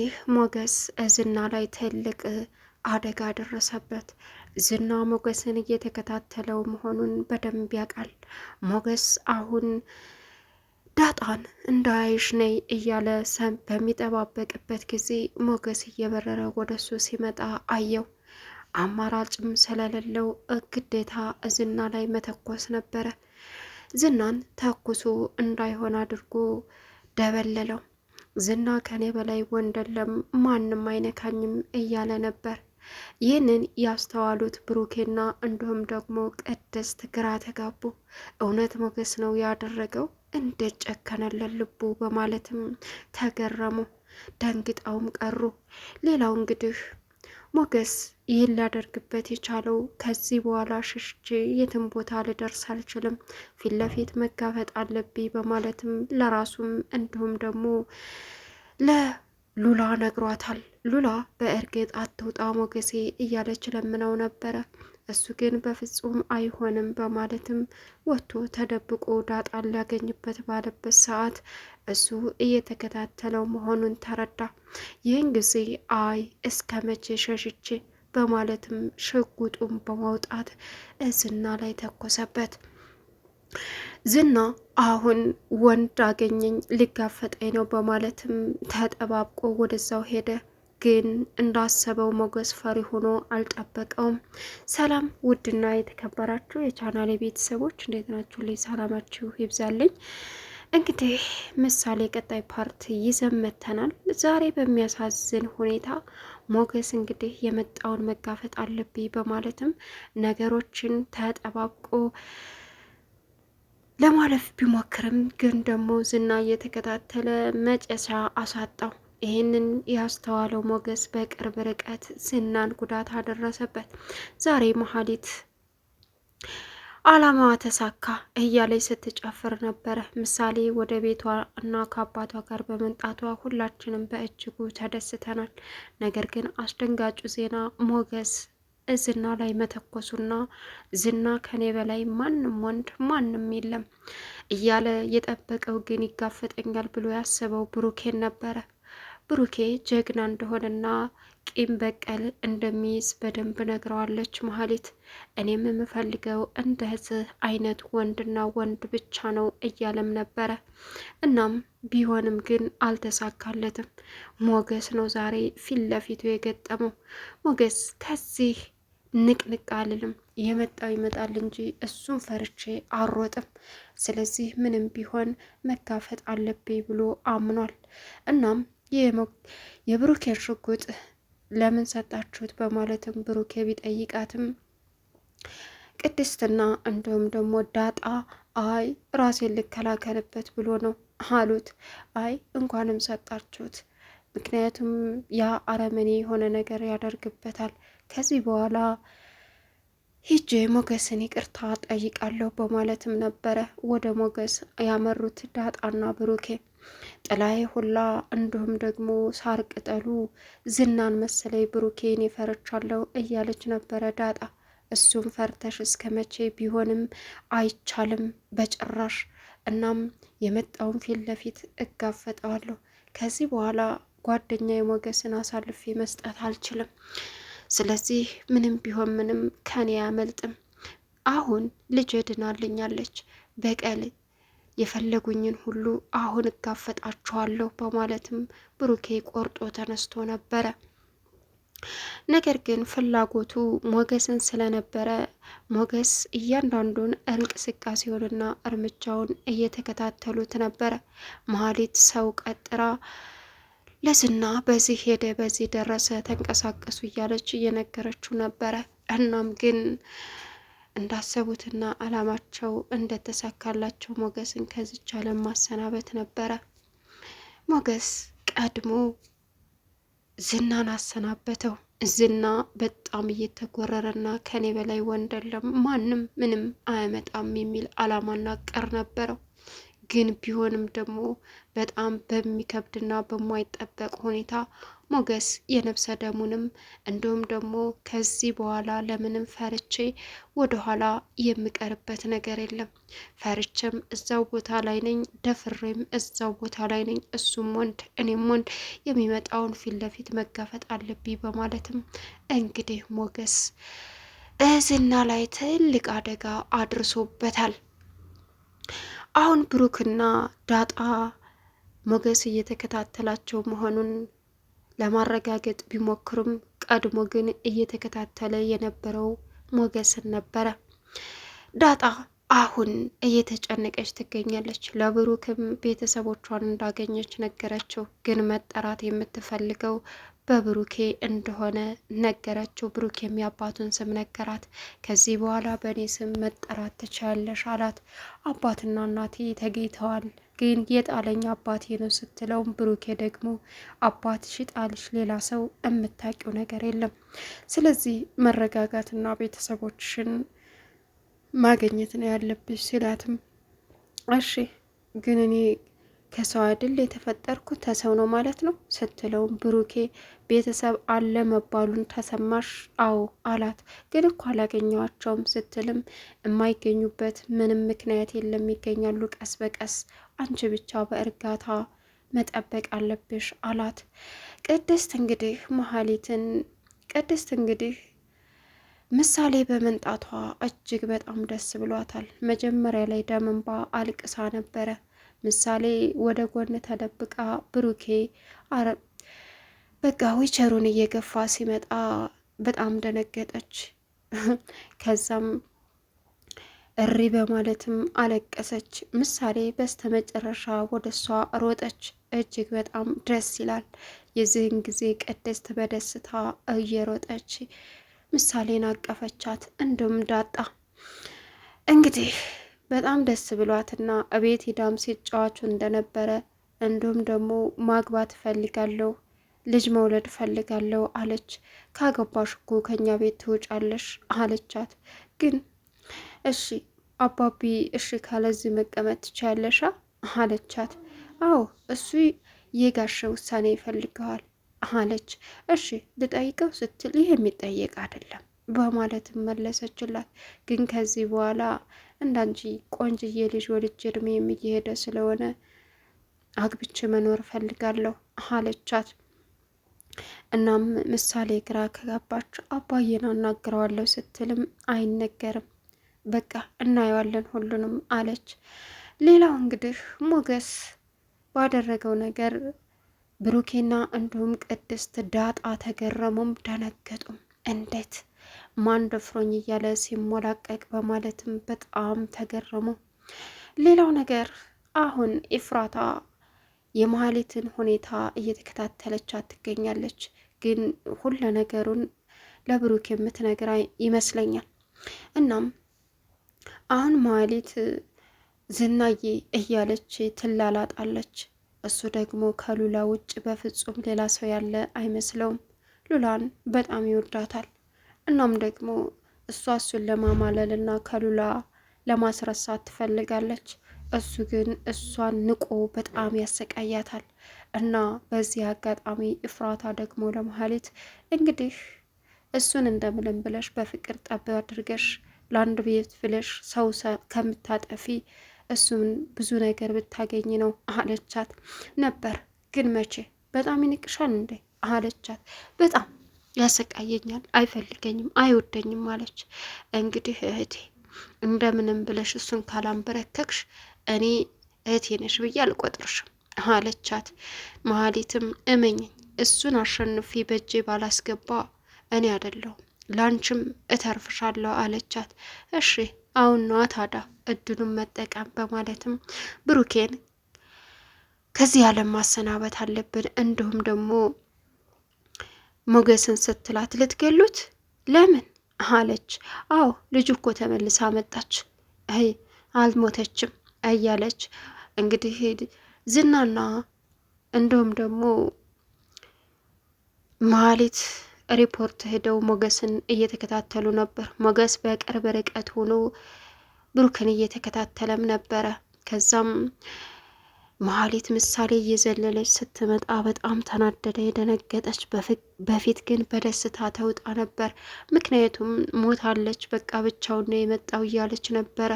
እንግዲህ ሞገስ ዝና ላይ ትልቅ አደጋ ደረሰበት። ዝና ሞገስን እየተከታተለው መሆኑን በደንብ ያውቃል። ሞገስ አሁን ዳጣን እንዳያይሽ ነይ እያለ ሰም በሚጠባበቅበት ጊዜ ሞገስ እየበረረ ወደ እሱ ሲመጣ አየው። አማራጭም ስለሌለው ግዴታ ዝና ላይ መተኮስ ነበረ። ዝናን ተኩሶ እንዳይሆን አድርጎ ደበለለው። ዝና ከኔ በላይ ወንደለም! ማንም አይነካኝም እያለ ነበር። ይህንን ያስተዋሉት ብሩኬና እንዲሁም ደግሞ ቅድስት ግራ ተጋቡ። እውነት ሞገስ ነው ያደረገው እንዴት ጨከነለን ልቡ በማለትም ተገረሙ። ደንግጠውም ቀሩ። ሌላው እንግዲህ ሞገስ ይህን ሊያደርግበት የቻለው ከዚህ በኋላ ሸሽቼ የትም ቦታ ልደርስ አልችልም፣ ፊት ለፊት መጋፈጥ አለብኝ በማለትም ለራሱም እንዲሁም ደግሞ ለሉላ ነግሯታል። ሉላ በእርግጥ አትውጣ ሞገሴ እያለች ለምነው ነበረ። እሱ ግን በፍጹም አይሆንም በማለትም ወጥቶ ተደብቆ ዳጣን ሊያገኝበት ባለበት ሰዓት እሱ እየተከታተለው መሆኑን ተረዳ። ይህን ጊዜ አይ እስከ መቼ ሸሽቼ በማለትም ሽጉጡን በማውጣት ዝና ላይ ተኮሰበት። ዝና አሁን ወንድ አገኘኝ ሊጋፈጠኝ ነው በማለትም ተጠባብቆ ወደዛው ሄደ። ግን እንዳሰበው ሞገስ ፈሪ ሆኖ አልጠበቀውም። ሰላም ውድና የተከበራችሁ የቻናሌ ቤተሰቦች እንዴት ናችሁ? ላይ ሰላማችሁ ይብዛልኝ። እንግዲህ ምሳሌ ቀጣይ ፓርት ይዘን መጥተናል። ዛሬ በሚያሳዝን ሁኔታ ሞገስ እንግዲህ የመጣውን መጋፈጥ አለብኝ በማለትም ነገሮችን ተጠባብቆ ለማለፍ ቢሞክርም ግን ደግሞ ዝና እየተከታተለ መጨሻ አሳጣው። ይህንን ያስተዋለው ሞገስ በቅርብ ርቀት ዝናን ጉዳት አደረሰበት። ዛሬ መሀሊት አላማዋ ተሳካ እያለች ስትጨፍር ነበረ። ምሳሌ ወደ ቤቷ እና ከአባቷ ጋር በመምጣቷ ሁላችንም በእጅጉ ተደስተናል። ነገር ግን አስደንጋጩ ዜና ሞገስ ዝና ላይ መተኮሱና ዝና ከኔ በላይ ማንም ወንድ ማንም የለም እያለ የጠበቀው ግን ይጋፈጠኛል ብሎ ያሰበው ብሩኬን ነበረ። ብሩኬ ጀግና እንደሆነና ቂም በቀል እንደሚይዝ በደንብ ነግረዋለች መሀሊት። እኔም የምፈልገው እንደዚህ አይነት ወንድና ወንድ ብቻ ነው እያለም ነበረ። እናም ቢሆንም ግን አልተሳካለትም። ሞገስ ነው ዛሬ ፊት ለፊቱ የገጠመው። ሞገስ ከዚህ ንቅንቅ አልልም፣ የመጣው ይመጣል እንጂ እሱን ፈርቼ አልሮጥም። ስለዚህ ምንም ቢሆን መጋፈጥ አለብኝ ብሎ አምኗል። እናም የብሩኬ ሽጉጥ ለምን ሰጣችሁት በማለትም ብሩኬ ቢጠይቃትም ቅድስትና እንዲሁም ደግሞ ዳጣ አይ ራሴን ልከላከልበት ብሎ ነው አሉት። አይ እንኳንም ሰጣችሁት፣ ምክንያቱም ያ አረመኔ የሆነ ነገር ያደርግበታል። ከዚህ በኋላ ሂጄ ሞገስን ይቅርታ ጠይቃለሁ በማለትም ነበረ ወደ ሞገስ ያመሩት ዳጣና ብሩኬ ጥላይ ሁላ እንዲሁም ደግሞ ሳር ቅጠሉ ዝናን መሰለይ ብሩኬን የፈረቻለሁ እያለች ነበረ ዳጣ። እሱም ፈርተሽ እስከ መቼ ቢሆንም አይቻልም በጭራሽ። እናም የመጣውን ፊት ለፊት እጋፈጠዋለሁ። ከዚህ በኋላ ጓደኛ የሞገስን አሳልፌ መስጠት አልችልም። ስለዚህ ምንም ቢሆን ምንም ከኔ አያመልጥም። አሁን ልጄ ድናልኛለች። በቀል የፈለጉኝን ሁሉ አሁን እጋፈጣችኋለሁ በማለትም ብሩኬ ቆርጦ ተነስቶ ነበረ። ነገር ግን ፍላጎቱ ሞገስን ስለነበረ ሞገስ እያንዳንዱን እንቅስቃሴውንና እርምጃውን እየተከታተሉት ነበረ። መሀሊት ሰው ቀጥራ ለዝና በዚህ ሄደ፣ በዚህ ደረሰ፣ ተንቀሳቀሱ እያለች እየነገረችው ነበረ። እናም ግን እንዳሰቡትና አላማቸው እንደተሳካላቸው ሞገስን ከዚች ዓለም ማሰናበት ነበረ። ሞገስ ቀድሞ ዝናን አሰናበተው። ዝና በጣም እየተጎረረና ከኔ በላይ ወንድ ማንም ምንም አያመጣም የሚል አላማና ቀር ነበረው። ግን ቢሆንም ደግሞ በጣም በሚከብድና በማይጠበቅ ሁኔታ ሞገስ የነብሰ ደሙንም እንዲሁም ደግሞ ከዚህ በኋላ ለምንም ፈርቼ ወደኋላ የምቀርበት ነገር የለም። ፈርቼም እዛው ቦታ ላይ ነኝ፣ ደፍሬም እዛው ቦታ ላይ ነኝ። እሱም ወንድ እኔም ወንድ የሚመጣውን ፊት ለፊት መጋፈጥ አለብኝ በማለትም እንግዲህ ሞገስ ዝና ላይ ትልቅ አደጋ አድርሶበታል። አሁን ብሩክና ዳጣ ሞገስ እየተከታተላቸው መሆኑን ለማረጋገጥ ቢሞክሩም ቀድሞ ግን እየተከታተለ የነበረው ሞገስን ነበረ። ዳጣ አሁን እየተጨነቀች ትገኛለች። ለብሩክም ቤተሰቦቿን እንዳገኘች ነገረችው። ግን መጠራት የምትፈልገው በብሩኬ እንደሆነ ነገረችው። ብሩክ የሚያባቱን ስም ነገራት። ከዚህ በኋላ በእኔ ስም መጠራት ትችያለሽ አላት። አባትና እናቴ ተገኝተዋል ግን የጣለኝ አባቴ ነው ስትለውም ብሩኬ ደግሞ አባትሽ ጣልሽ፣ ሌላ ሰው የምታውቂው ነገር የለም። ስለዚህ መረጋጋትና ቤተሰቦችሽን ማግኘት ነው ያለብሽ ሲላትም እሺ ግን እኔ ከሰው አይደል የተፈጠርኩ ተሰው ነው ማለት ነው ስትለውም ብሩኬ ቤተሰብ አለ መባሉን ተሰማሽ? አዎ አላት። ግን እኮ አላገኘዋቸውም ስትልም የማይገኙበት ምንም ምክንያት የለም ይገኛሉ ቀስ በቀስ አንቺ ብቻ በእርጋታ መጠበቅ አለብሽ አላት። ቅድስት እንግዲህ መሀሊትን ቅድስት እንግዲህ ምሳሌ በመንጣቷ እጅግ በጣም ደስ ብሏታል። መጀመሪያ ላይ ደምንባ አልቅሳ ነበረ። ምሳሌ ወደ ጎን ተደብቃ ብሩኬ በቃ ዊቸሩን እየገፋ ሲመጣ በጣም ደነገጠች። ከዛም እሪ በማለትም አለቀሰች። ምሳሌ በስተመጨረሻ ወደ እሷ ሮጠች። እጅግ በጣም ደስ ይላል። የዚህን ጊዜ ቅድስት በደስታ እየሮጠች ምሳሌን አቀፈቻት። እንዲሁም ዳጣ እንግዲህ በጣም ደስ ብሏትና እቤት ሂዳም ሲጫዋቹ እንደነበረ እንዲሁም ደግሞ ማግባት እፈልጋለሁ ልጅ መውለድ እፈልጋለሁ አለች። ካገባሽ እኮ ከኛ ቤት ትውጫለሽ አለቻት ግን እሺ አባቢ እሺ ካለዚህ መቀመጥ ትችያለሻ አለቻት። አዎ እሱ የጋሸ ውሳኔ ይፈልገዋል አለች። እሺ ልጠይቀው ስትል ይህ የሚጠየቅ አይደለም በማለትም መለሰችላት። ግን ከዚህ በኋላ እንዳንቺ ቆንጅዬ ልጅ ወልጅ እድሜ የሚሄደ ስለሆነ አግብቼ መኖር ፈልጋለሁ አለቻት። እናም ምሳሌ ግራ ከጋባች አባዬን አናግረዋለሁ ስትልም አይነገርም በቃ እናየዋለን ሁሉንም አለች። ሌላው እንግዲህ ሞገስ ባደረገው ነገር ብሩኬና እንዲሁም ቅድስት ዳጣ ተገረሙም ደነገጡም። እንዴት ማን ደፍሮኝ እያለ ሲሞላቀቅ በማለትም በጣም ተገረሙ። ሌላው ነገር አሁን ኤፍራታ የመሀሌትን ሁኔታ እየተከታተለች ትገኛለች። ግን ሁለ ነገሩን ለብሩክ የምትነግራ ይመስለኛል እናም አሁን መሀሌት ዝናዬ እያለች ትላላጣለች። እሱ ደግሞ ከሉላ ውጭ በፍጹም ሌላ ሰው ያለ አይመስለውም። ሉላን በጣም ይወዳታል። እናም ደግሞ እሷ እሱን ለማማለል እና ከሉላ ለማስረሳት ትፈልጋለች። እሱ ግን እሷን ንቆ በጣም ያሰቃያታል። እና በዚህ አጋጣሚ እፍራታ ደግሞ ለመሀሊት እንግዲህ እሱን እንደምንም ብለሽ በፍቅር ጠብ አድርገሽ ለአንድ ቤት ብለሽ ሰው ከምታጠፊ እሱን ብዙ ነገር ብታገኝ ነው አለቻት። ነበር ግን መቼ በጣም ይንቅሻል እንዴ አለቻት። በጣም ያሰቃየኛል፣ አይፈልገኝም፣ አይወደኝም አለች። እንግዲህ እህቴ እንደምንም ብለሽ እሱን ካላንበረከክሽ እኔ እህቴ ነሽ ብዬ አልቆጥርሽም አለቻት። መሀሊትም እመኝ እሱን አሸንፊ በእጄ ባላስገባ እኔ አይደለሁም ላንችም እተርፍሻለሁ አለቻት። እሺ አሁን ነው ታዲያ እድሉን መጠቀም በማለትም ብሩኬን ከዚህ ዓለም ማሰናበት አለብን። እንዲሁም ደግሞ ሞገስን ስትላት ልትገሉት ለምን አለች። አዎ ልጅ እኮ ተመልሳ መጣች፣ አይ አልሞተችም እያለች እንግዲህ ዝናና እንዲሁም ደግሞ ማሌት ሪፖርት ሄደው ሞገስን እየተከታተሉ ነበር። ሞገስ በቅርብ ርቀት ሆኖ ብሩክን እየተከታተለም ነበረ። ከዛም መሀሌት ምሳሌ እየዘለለች ስትመጣ በጣም ተናደደ፣ የደነገጠች። በፊት ግን በደስታ ተውጣ ነበር። ምክንያቱም ሞታለች፣ በቃ ብቻውን ነው የመጣው እያለች ነበረ።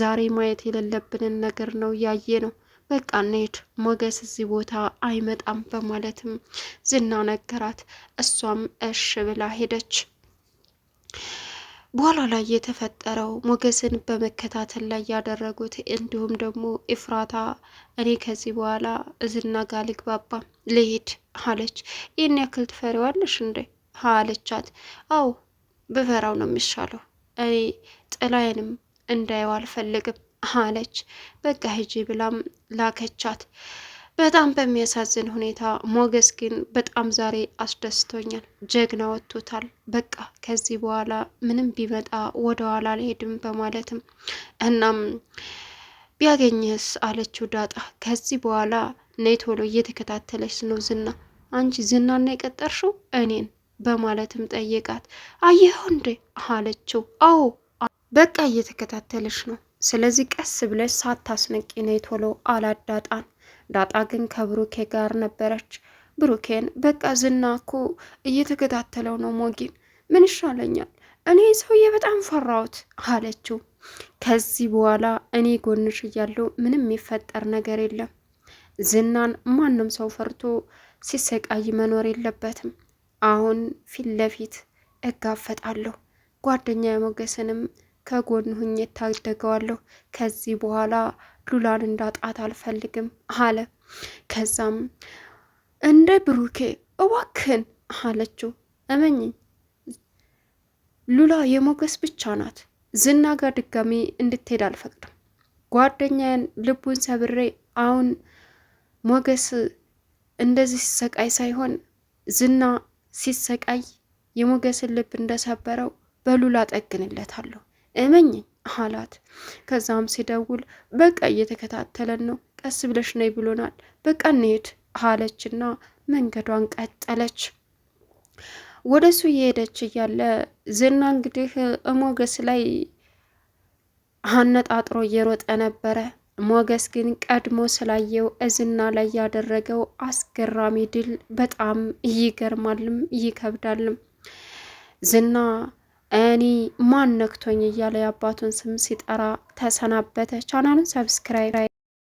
ዛሬ ማየት የሌለብንን ነገር ነው ያየ ነው። በቃ እንሂድ፣ ሞገስ እዚህ ቦታ አይመጣም በማለትም ዝና ነገራት። እሷም እሽ ብላ ሄደች። በኋላ ላይ የተፈጠረው ሞገስን በመከታተል ላይ ያደረጉት እንዲሁም ደግሞ ኢፍራታ እኔ ከዚህ በኋላ ዝና ጋር ልግባባ ልሂድ አለች። ይህን ያክል ትፈሪዋለሽ እንዴ አለቻት። አዎ ብፈራው ነው የሚሻለው እኔ ጥላዬንም እንዳየው አልፈልግም አለች። በቃ ሂጂ ብላም ላከቻት። በጣም በሚያሳዝን ሁኔታ ሞገስ ግን በጣም ዛሬ አስደስቶኛል። ጀግና ወጥቶታል። በቃ ከዚህ በኋላ ምንም ቢመጣ ወደ ኋላ አልሄድም በማለትም እናም ቢያገኘስ አለችው ዳጣ። ከዚህ በኋላ ነይ ቶሎ እየተከታተለች ነው ዝና። አንቺ ዝናና የቀጠርሽው እኔን በማለትም ጠየቃት። አየሁ እንዴ አለችው። አዎ በቃ እየተከታተለች ነው ስለዚህ ቀስ ብለሽ ሳታስነቂ ነይ ቶሎ አላት ዳጣን። ዳጣ ግን ከብሩኬ ጋር ነበረች። ብሩኬን በቃ ዝና እኮ እየተከታተለው ነው ሞጊን ምን ይሻለኛል? እኔ ሰውዬ በጣም ፈራሁት አለችው። ከዚህ በኋላ እኔ ጎንሽ እያለሁ ምንም የሚፈጠር ነገር የለም። ዝናን ማንም ሰው ፈርቶ ሲሰቃይ መኖር የለበትም። አሁን ፊት ለፊት እጋፈጣለሁ ጓደኛ የሞገስንም ከጎን ሁኜ እታደገዋለሁ። ከዚህ በኋላ ሉላን እንዳጣት አልፈልግም አለ። ከዛም እንደ ብሩኬ እባክህን አለችው። እመኝኝ ሉላ የሞገስ ብቻ ናት። ዝና ጋር ድጋሚ እንድትሄድ አልፈቅድም። ጓደኛዬን ልቡን ሰብሬ አሁን ሞገስ እንደዚህ ሲሰቃይ ሳይሆን ዝና ሲሰቃይ የሞገስን ልብ እንደሰበረው በሉላ ጠግንለታለሁ። እመኝኝ አላት። ከዛም ሲደውል በቃ እየተከታተለን ነው፣ ቀስ ብለሽ ነይ ብሎናል፣ በቃ እንሄድ አለችና መንገዷን ቀጠለች። ወደሱ እየሄደች እያለ ዝና እንግዲህ ሞገስ ላይ አነጣጥሮ እየሮጠ ነበረ። ሞገስ ግን ቀድሞ ስላየው እዝና ላይ ያደረገው አስገራሚ ድል በጣም ይገርማልም ይከብዳልም። ዝና እኔ ማን ነክቶኝ እያለ የአባቱን ስም ሲጠራ ተሰናበተ። ቻናሉን ሰብስክራይብ